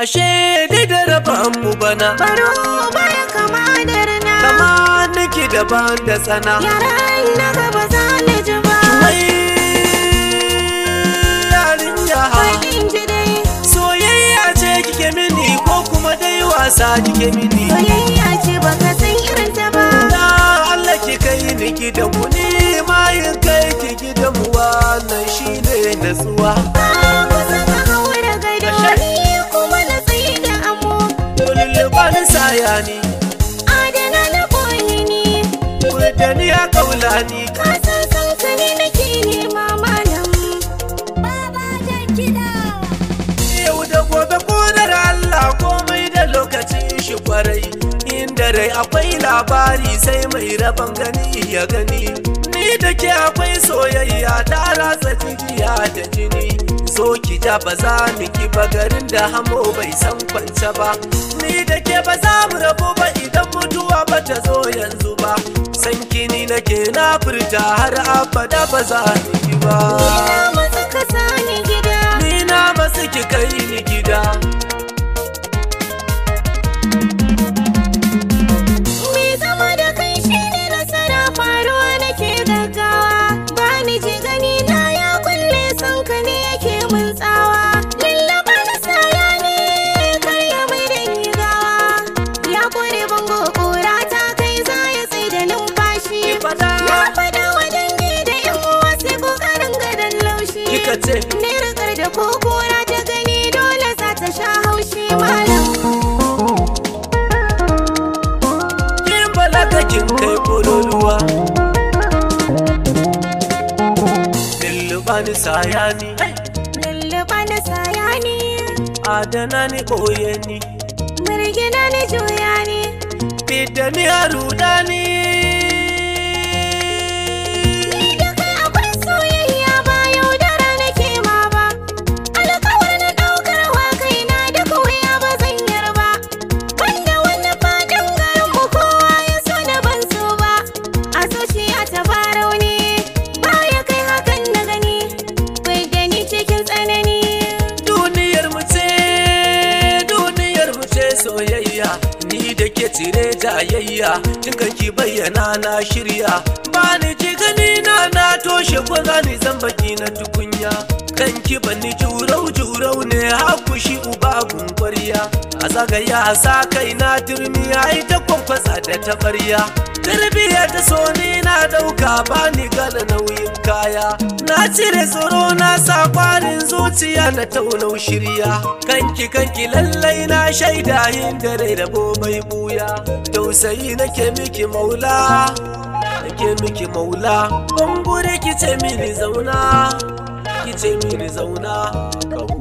ashe dai da rabon mu bana baro bara kama da rana kama nake daban da tsana yaran na gaba za na ji ba wai dai. soyayya ce kike mini ko kuma dai wasa kike mini soyayya ce ba ka san irin ta ba da Allah ki kai ni da mu ne ma yin kai ki gidan mu wannan shine natsuwa raya ni adana na koyi ni furta ni ya kaula ni ka sansani nake ne mama nan baba da kida yau da gobe kodar Allah komai da lokacin shi kwarai inda rai akwai labari sai mai rabon gani ya gani ni da ke akwai soyayya ta ratsa da jini so ki ja ba za mu ki ba garin da hamo bai san kwance ba ni da ke ba za mu rabu ba idan mutuwa ba ta zo yanzu ba san kini nake na furta har abada ba za ni ba kai bololuwa lullubani sayani lullubani sayani adana ni boye ni mirgina ni juya ni fidda ni a ni cire jayayya dukan ki bayyana na shirya ba ni ji gani na na toshe ko za zan baki na tukunya kan ki bani jurau jurau ne haku shi uba kwarya a zagaya a sa kai na turmi ai ta kwankwasa da tabarya tarbiyyar da so ni na dauka ba ni gala nauyin kaya Na cire tsoro na sa zuciya na taunau shirya Kanki kanki lallai na shaida yin dare da bai buya Tausayi nake miki maula Nake miki maula ki kice mini zauna Kice mini zauna